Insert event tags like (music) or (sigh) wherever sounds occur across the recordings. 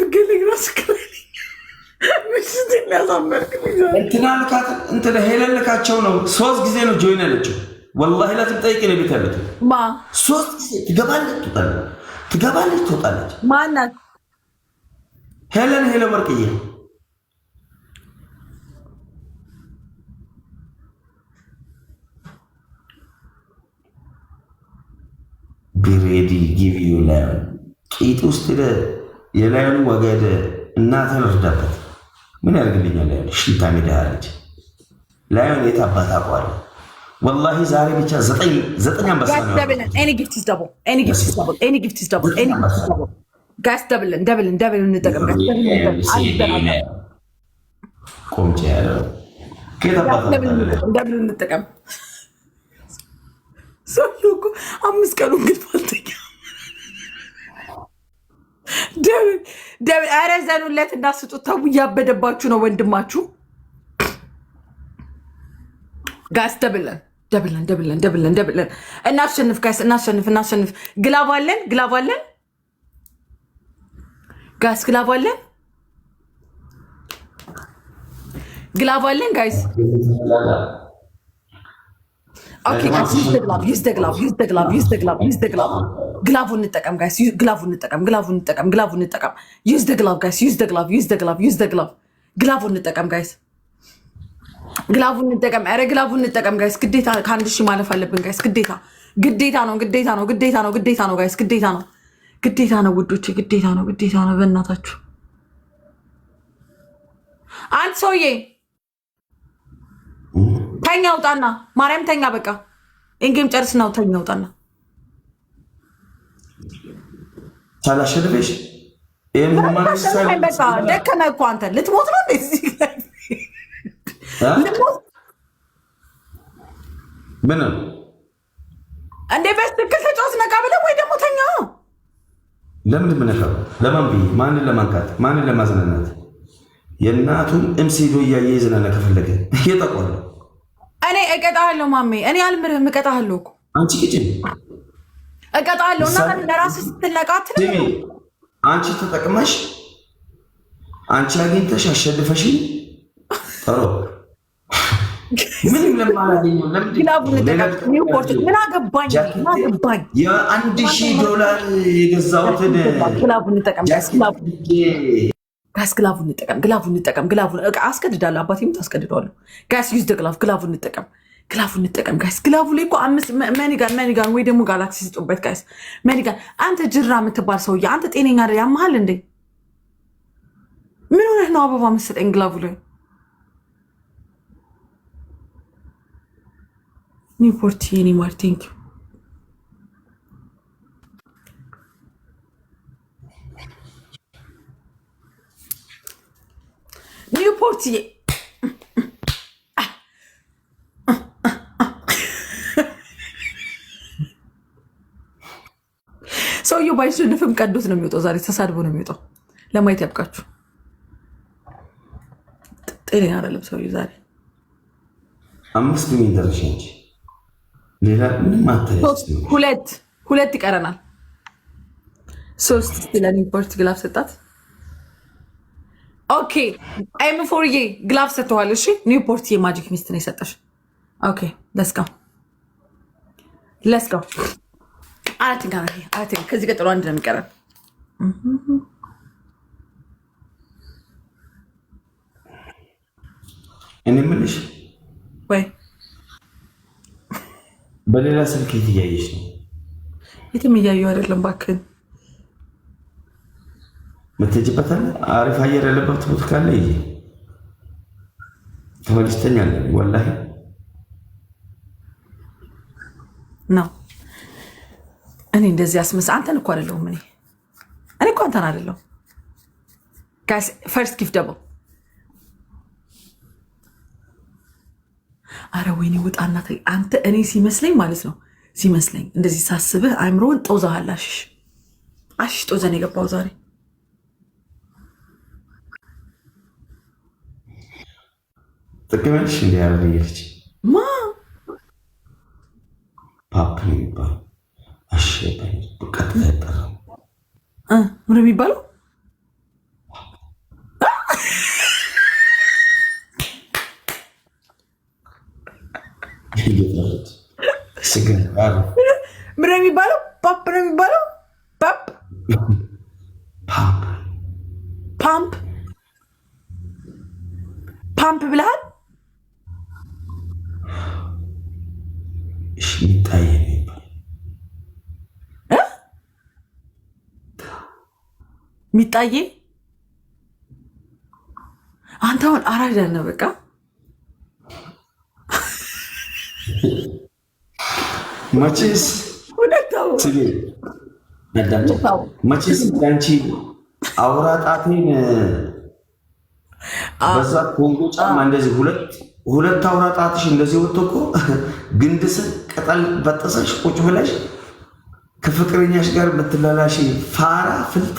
ያድርግልኝ ራስ ምሽት እንትና እንትን ሄለን ልካቸው ነው። ሶስት ጊዜ ነው ጆይን ያለችው። ወላሂ ላትም ጠይቂ ነው ቤት ያለችው ሶስት ጊዜ ትገባለች፣ ትወጣለች፣ ትገባለች፣ ትወጣለች። ማናት ሄለን? ሄለ ወርቅዬ ቢሬዲ ጊቪዩ ላይ ቂጥ ውስጥ የላይኑ ወገድ እናትን እርዳበት። ምን ያደርግልኛል? ላይኑ ሽንታ ሜዳ ልጅ ላይኑ የት አባት አውቀዋለሁ። ወላሂ ዛሬ ብቻ ዘጠኝ አንበሳ አምስት ቀኑ እንግዲህ ኧረ ዘኑለት እንዳስጡት ተው፣ እያበደባችሁ ነው ወንድማችሁ። ጋስ ደብለን ደብለን ደብለን ደብለን ደብለን እናሸንፍ፣ ጋስ እናሸንፍ፣ እናሸንፍ። ግላባለን ግላባለን፣ ጋስ ግላባለን ግላባለን፣ ጋይስ ኦኬ። ጋስ ዩዝ ዩዝ ግላቭ ዩዝ ደ ዩዝ ደ ዩዝ ደ ግላቡ እንጠቀም ጋይስ፣ ግላቡ እንጠቀም፣ ግላቡ እንጠቀም፣ ግላቡ እንጠቀም። ዩዝ ደ ጋይስ፣ ዩዝ ደ ዩዝ ደ ዩዝ ደ ግላቡ እንጠቀም ጋይስ፣ ግላቡ እንጠቀም። ኧረ ግላቡ እንጠቀም ጋይስ፣ ግዴታ ከአንድ ሺህ ማለፍ አለብን ጋይስ፣ ግዴታ ግዴታ ነው፣ ግዴታ ነው፣ ግዴታ ነው፣ ግዴታ ነው ጋይስ፣ ግዴታ ነው፣ ግዴታ ነው ውዶቼ፣ ግዴታ ነው፣ ግዴታ ነው። በእናታችሁ አንድ ሰውዬ ተኛ ውጣና፣ ማርያም ተኛ፣ በቃ ኢንጌም ጨርስ ነው፣ ተኛ ውጣና ሳላሸንፈሽ ይህን ደከመ እኮ አንተ ልትሞት ነው እንዴ? ምንም እንዴ በትክክል ተጫወት ነቃ ብለህ ወይ ደግሞ ተኛ። ለምን ምነካው? ለማን ብዬ ማንን ለማንካት ማንን ለማዝናናት? የእናቱን እምስ ሄዶ እያየ የዝናና ከፈለገ እየጠቆለ እኔ እቀጣሃለሁ ማሜ፣ እኔ አልምርህም፣ እቀጣሃለሁ እኮ አንቺ ቅጭን እቀጣለሁ እና ለራስህ ስትነቃ አንቺ ተጠቅመሽ አንቺ አግኝተሽ አሸንፈሽ ተሮ ምንም አገባኝ የአንድ ሺህ ዶላር የገዛሁትን ግላቡ እንጠቀም ግላቡ እንጠቀም ግላቡ አስገድዳለሁ አባቴም ታስገድደዋለሁ ጋስ ዩዝ ግላቡ እንጠቀም ግላፉ እንጠቀም ጋይስ። ግላፉ ላይ እኮ አምስት መኒጋን መኒጋን ወይ ደግሞ ጋላክሲ ስጡበት ጋይስ። መኒጋን አንተ ጅራ የምትባል ሰውዬ አንተ ጤነኛ አይደል? ያመሃል እንዴ? ምን ሆነህ ነው? አበባ መሰጠኝ ግላፉ ላይ ኒፖርቲ ኒማር ቲንክ ዩ ኒፖርትዬ ሰውየው ባይሸንፍም ቀዶት ነው የሚወጣው። ዛሬ ተሳድቦ ነው የሚወጣው። ለማየት ያብቃችሁ። ጤና አይደለም ሰውየው ዛሬ። አምስት ሚደረሻ እንጂ ሌላ ሁለት ሁለት ይቀረናል። ሶስት ፖርት ግላፍ ሰጣት። ኦኬ ኤም ዬ ግላፍ ሰጥተዋል። እሺ ኒውፖርት የማጂክ ሚስት ነው የሰጠሽ። ኦኬ ለስቃው ለስቃው አራት ጋር አራት ከዚህ ቀጥሎ አንድ ነው የሚቀረብ። እኔ የምልሽ ወይ በሌላ ስልክ የት እያየሽ ነው? የትም እያየሁ አይደለም። እባክህን የምትሄጂበት አለ አሪፍ አየር ያለበት ቦታ ካለ ይሄ ተመልስተኛለን። ወላሂ ነው እኔ እንደዚህ አስመስ አንተን እኮ አደለሁም እኔ እኔ እኮ አንተን አይደለሁም። ፈርስት ጊፍ ደግሞ አረ ወይኔ ውጣና አንተ። እኔ ሲመስለኝ ማለት ነው ሲመስለኝ እንደዚህ ሳስብህ አይምሮን ጦዘሃል። አሽሽ አሽሽ ጦዘን የገባው ዛሬ ጥቅመች እንዲ ያረገየች ማ ፓፕ ነው የሚባለው ምን የሚባለው ምን የሚባለው ፓፕ ነው የሚባለው ፓፕ ሚጣዬ አንተ አሁን አራዳ ነህ። በቃ መቼስ መቼስ ያንቺ አውራ ጣቴን በዛ ኮንጎ ጫማ እንደዚህ ሁለት ሁለት አውራ ጣትሽ እንደዚህ ወጥቶ እኮ ግንድስ ቅጠል በጥሰሽ ቁጭ ብለሽ ከፍቅረኛሽ ጋር የምትላላሽ ፋራ ፍልጥ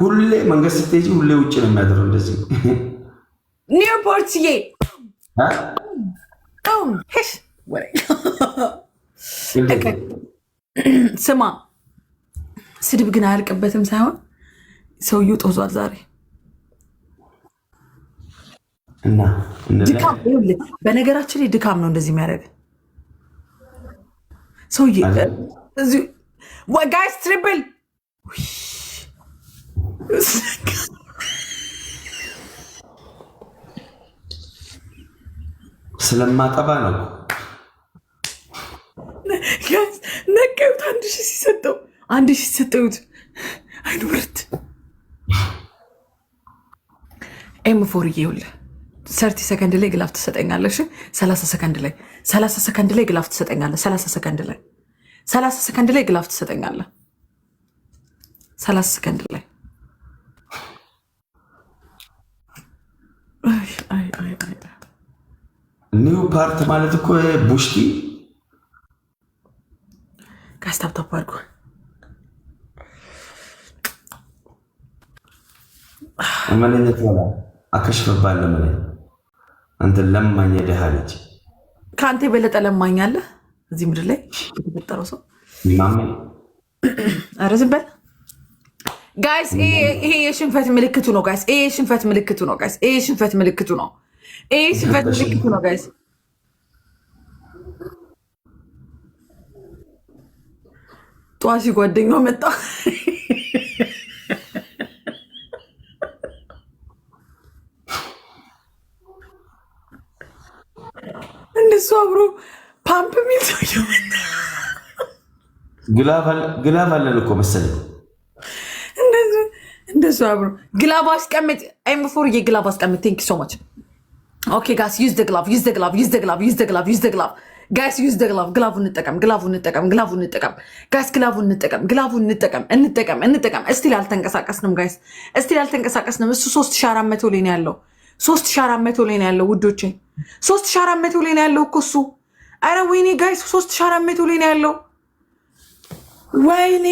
ሁሌ መንገድ ስትሄጂ ሁሌ ውጭ ነው የሚያደርግ። እንደዚህ ኒውፖርት ስማ፣ ስድብ ግን አያልቅበትም ሳይሆን ሰውየው ጦዟል ዛሬ እና ድካም። በነገራችን ላይ ድካም ነው እንደዚህ የሚያደርግ ሰውዬ ጋይስ ትሪብል ስለማጠባ ነው። ነቀዩት አንድ ሺ ሲሰጠው አንድ ሺ ሲሰጠዩት አይኖርት ኤም ፎር እየውለ ሰርቲ ሰከንድ ላይ ግላፍ ትሰጠኛለሽ። ሰላሳ ሰከንድ ላይ ሰላሳ ሰከንድ ላይ ግላፍ ትሰጠኛለ። ሰላሳ ሰከንድ ላይ ሰላሳ ሰከንድ ላይ ግላፍ ትሰጠኛለ። ሰላሳ ሰከንድ ላይ ኒው ፓርት ማለት እኮ ቡሽቲ ጋስታብታብ አድርጎ መለኘት ላ አከሽፈባል ለምን አንተ ለማኝ ደሃ ልጅ ከአንተ የበለጠ ለማኝ አለ እዚህ ምድር ላይ የተፈጠረው ሰው ኧረ ዝም በል ጋይስ። ይሄ የሽንፈት ምልክቱ ነው ጋይስ። ይሄ የሽንፈት ምልክቱ ነው ጋይስ። ይሄ የሽንፈት ምልክቱ ነው። ይህ ሽበት ምልክት ነው ጋይስ። ጠዋሲ ጓደኛው መጣ። እንደሱ አብሮ ፓምፕ ሚል ሰው ግላፍ አለን እኮ መሰለኝ። እንደሱ አብሮ ግላፍ አስቀምጥ፣ አይምፎር ግላፍ አስቀምጥ። ቴንክ ሶ ማች ኦኬ ጋስ ዩዝ ደ ግላቭ ዩዝ ደ ግላቭ ዩዝ ደ ግላቭ ዩዝ ደ ግላቭ ዩዝ ደ ግላቭ ጋይስ ዩዝ ደ ግላቭ ግላቭ እንጠቀም ግላቭ እንጠቀም ግላቭ እንጠቀም ጋይስ ግላቭ እንጠቀም ግላቭ እንጠቀም እንጠቀም እንጠቀም እስቲል አልተንቀሳቀስንም ጋይስ እስቲል አልተንቀሳቀስንም። እሱ ሶስት ሺህ ላይ ነው ያለው ሶስት ሺህ አራት ላይ ነው ያለው ውዶቼ ሶስት ሺህ አራት ላይ ነው ያለው እኮ እሱ። አረ ወይኔ ጋይስ ሶስት ሺህ ላይ ነው ያለው። ወይኔ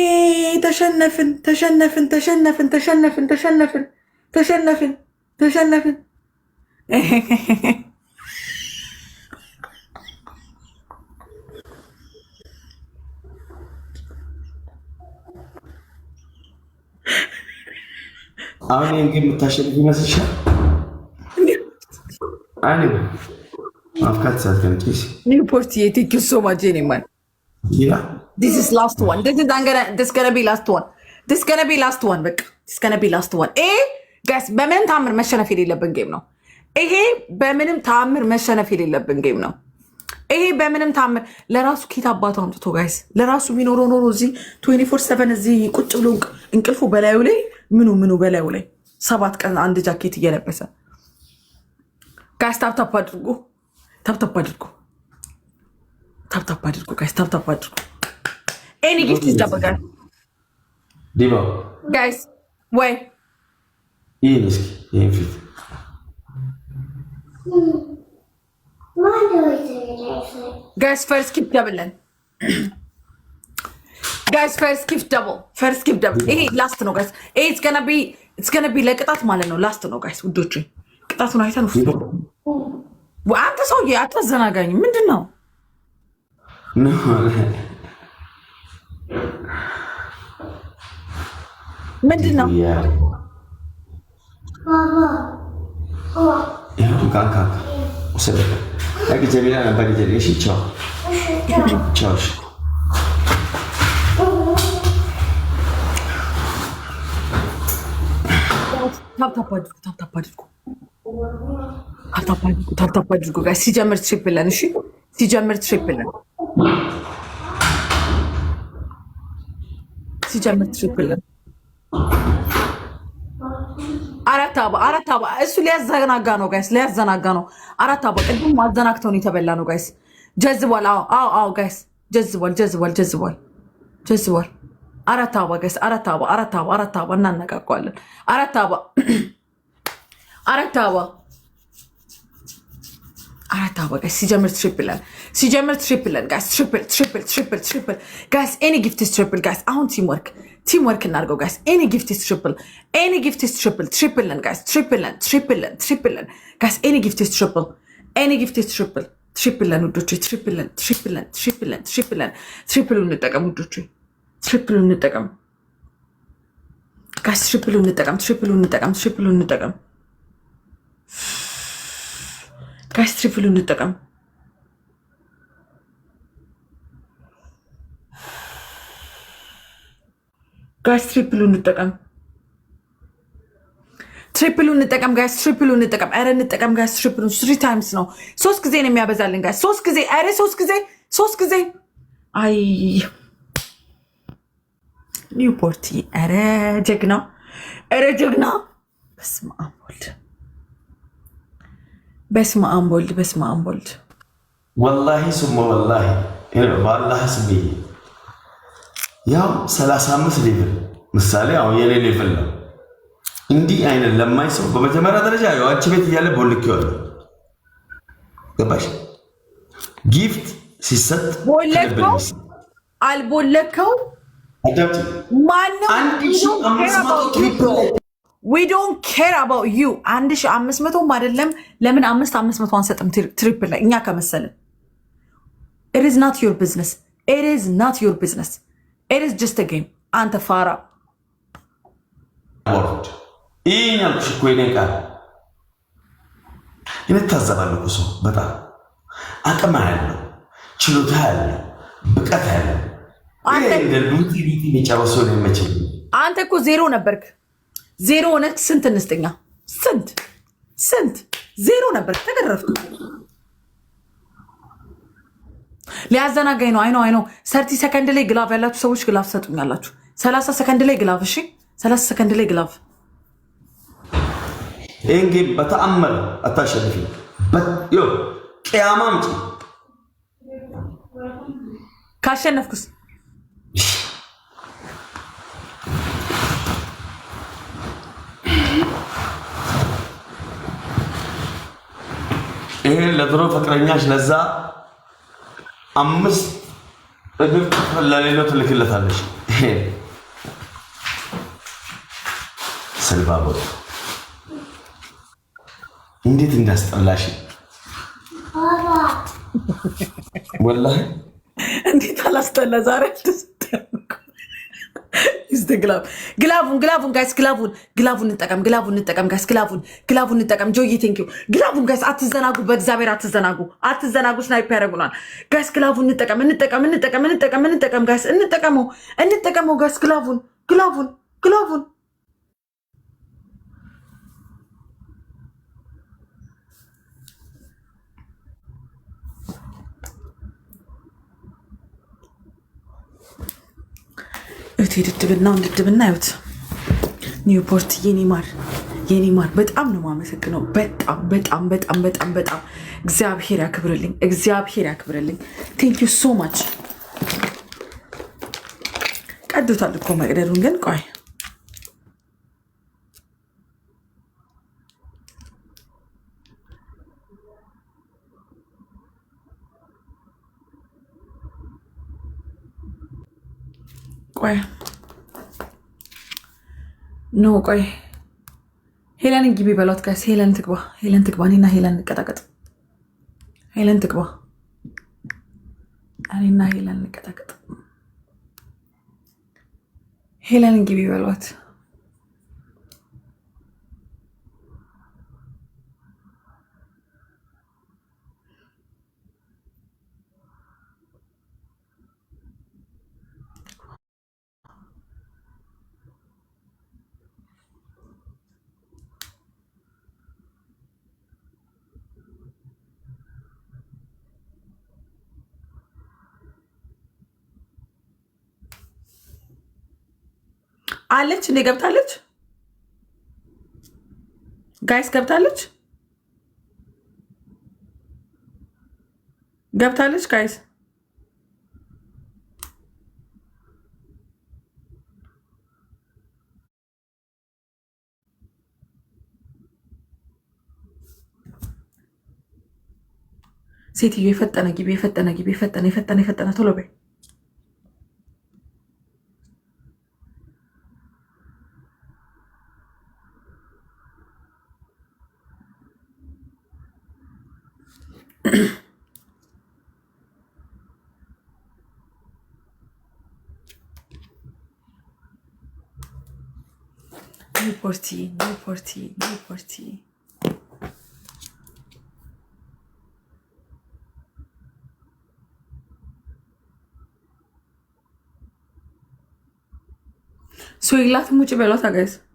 ተሸነፍን ተሸነፍን ተሸነፍን ተሸነፍን ተሸነፍን ተሸነፍን ተሸነፍን አሁን ይሄን ግን የምታሸንፍ ይመስልሻል? አይ አፍካት ሳትከንጭስ ኒውፖርት ቴንክ ሶ ማች ኒማን ላስት ዋን በቃ ላስት ዋን ጋይስ በምን ታምር መሸነፍ የሌለብን ጌም ነው። ይሄ በምንም ተአምር መሸነፍ የሌለብን ጌም ነው። ይሄ በምንም ታምር ለራሱ ኬት አባቱ አምጥቶ ጋይስ ለራሱ ቢኖረው ኖሮ እዚህ ትዌንቲ ፎር ሰቨን እዚህ ቁጭ ብሎ እንቅልፉ በላዩ ላይ ምኑ ምኑ በላዩ ላይ ሰባት ቀን አንድ ጃኬት እየለበሰ ጋይስ ታፕታፕ አድርጉ፣ ታፕታፕ አድርጉ፣ ታፕታፕ አድርጉ፣ ጋይስ ታፕታፕ አድርጉ። ኤኒ ጊፍት ይጠበቃል ጋይስ ወይ ይህን እስኪ ይህን ፊት Guys, first keep doubling. ጋይስ ፈርስት ጊፍት ደብል ፈርስት ጊፍት ደብል። ይሄ ላስት ነው ጋይስ፣ ይሄ ኢትስ ገና ቢ ኢትስ ገና ቢ ለቅጣት ማለት ነው። ላስት ነው ጋይስ ውዶች፣ ቅጣቱን አይተን ውስጥ አንተ ሰውዬ አታዘናጋኝ። ምንድን ነው ምንድን ነው Ecco kanka. O sebeple. Belki Cemile ben belki Cemile şey çal. አድርጉ፣ ታፕታፕ አድርጉ፣ ታፕታፕ አድርጉ፣ ታፕታፕ ሲጀምር ትሪፕለን። እሺ ሲጀምር ትሪፕለን፣ ሲጀምር አራት አበባ አራት አበባ እሱ ሊያዘናጋ ነው ጋይስ፣ ሊያዘናጋ ነው። አራት አበባ ቅድም አዘናግተው የተበላ ነው ጋይስ። ጀዝቧል። አዎ አዎ አዎ ጋይስ፣ ጀዝቧል፣ ጀዝቧል፣ ጀዝቧል፣ ጀዝቧል። አራት አበባ ጋይስ፣ አራት አበባ አራት አበባ አራት አበባ እናነቃቀዋለን። አራት አበባ (clears throat) አራት አበባ አራት አበቃ ሲጀምር ትሪፕለን ሲጀምር ትሪፕለን ጋይስ ትሪፕል ትሪፕል ትሪፕል ትሪፕል ጋይስ ኤኒ ጊፍት ኢዝ ትሪፕል ጋይስ። አሁን ቲም ወርክ ቲም ወርክ እናድርገው ጋይስ። ኤኒ ጊፍት ኢዝ ትሪፕል ኤኒ ጊፍት ኢዝ ትሪፕል ትሪፕለን ጋይስ ትሪፕለን ትሪፕለን ትሪፕለን ጋይስ ኤኒ ጊፍት ኢዝ ትሪፕል ኤኒ ጊፍት ኢዝ ትሪፕል ትሪፕለን ውዶቼ ትሪፕለን ትሪፕለን ትሪፕለን ትሪፕለን ትሪፕሉ እንጠቀም ውዶቼ ትሪፕሉ እንጠቀም ጋይስ ትሪፕሉ እንጠቀም ትሪፕሉ እንጠቀም ትሪፕሉ እንጠቀም ጋይስ ትሪፕሉ እንጠቀም። ጋይስ ትሪፕሉ እንጠቀም። ትሪፕሉ እንጠቀም ጋይስ ትሪፕሉ እንጠቀም። ኧረ እንጠቀም ጋይስ ትሪፕሉ ስሪ ታይምስ ነው። ሶስት ጊዜ ነው የሚያበዛልን ጋይስ። ሶስት ጊዜ ኧረ ሶስት ጊዜ ሶስት ጊዜ አይ ኒውፖርቲ ኧረ ጀግና ኧረ ጀግና በስመ አብ ወልድ በስመ አብ ወልድ በስመ አብ ወልድ ወላሂ ሱመ ወላሂ በአላህ ስሜ ያው ሰላሳ አምስት ሌቭል ምሳሌ አሁን የኔ ሌቭል ነው። እንዲህ አይነት ለማይ ሰው በመጀመሪያ ደረጃ አንቺ ቤት እያለ ቦልክ ይወል ገባሽ ጊፍት ሲሰጥ ቦለከው አልቦለከው ማነው ዊ ዶንት ኬር አባውት ዩ አንድ ሺ አምስት መቶም አይደለም። ለምን አምስት አምስት መቶ አንሰጥም? ትሪፕል ላይ እኛ ከመሰልን ኢት ኢዝ ናት ዩር ቢዝነስ ኢት ኢዝ ናት ዩር ቢዝነስ ኢት ኢዝ ጀስት ጌም። አንተ ፋራ ይህኛል ያልኩሽ እኮ ቃል ይታዘባል እኮ ሰው በጣም አቅም ያለው ችሎታ ያለው ብቃት ያለው አንተ እኮ ዜሮ ነበርክ። ዜሮ ሆነ ስንት እንስጥኛ? ስንት ስንት ዜሮ ነበር። ተገረፍ ሊያዘናጋኝ ነው። አይኖ አይኖ። ሰርቲ ሰከንድ ላይ ግላፍ ያላችሁ ሰዎች ግላፍ ሰጡኛላችሁ። ሰላሳ ሰከንድ ላይ ግላፍ። እሺ፣ ሰላሳ ሰከንድ ላይ ግላፍ። ይህን ጌም በተአመር አታሸንፊ። ቅያማ ምጭ ካሸነፍኩስ ይሄን ለድሮ ፍቅረኛሽ ለዛ አምስት እግር ክፍል ለሌለው ትልክለታለች። ቦት እንዴት እንዳስጠላሽ ወላ እንዴት አላስጠላ ዛሬ ግላቡን ግላቡን ጋይስ ግላቡን ግላቡን እንጠቀም ግላቡን እንጠቀም ጋይስ ግላቡን ግላቡን እንጠቀም። ጆዬ ዩ ግላቡን ጋይስ አትዘናጉ፣ በእግዚአብሔር አትዘናጉ፣ አትዘናጉ። ስናይፕ ያደርጉናል ጋይስ። ግላቡን እንጠቀም እንጠቀም እንጠቀም እንጠቀም እንጠቀም ጋይስ፣ እንጠቀመው እንጠቀመው ጋይስ። ግላቡን ግላቡን ግላቡን እስቲ ድድብና ድድብና ያዩት ኒውፖርት የኔ ማር በጣም ነው የማመሰግነው። በጣም በጣም በጣም በጣም በጣም እግዚአብሔር ያክብርልኝ፣ እግዚአብሔር ያክብርልኝ። ቴንክ ዩ ሶ ማች። ቀዶታል እኮ መቅደዱን ግን ቆይ ቆይ ኖ ቆይ ሄለን ግቢ በሏት። ጋይስ ሄለን ትግባ፣ ሄለን ትግባ። እኔና ሄለን እንቀጣቀጥ። ሄለን ትግባ፣ እኔና ሄለን እንቀጣቀጥ። ሄለን ግቢ በሏት። አለች እንዴ? ገብታለች? ጋይስ ገብታለች? ገብታለች? ጋይስ ሴትዮ የፈጠነ ግቢ፣ የፈጠነ ግቢ፣ የፈጠነ የፈጠነ የፈጠነ ቶሎ በይ። por ti, por ti, por ti. Soy glass mucho veloz, ¿a qué es?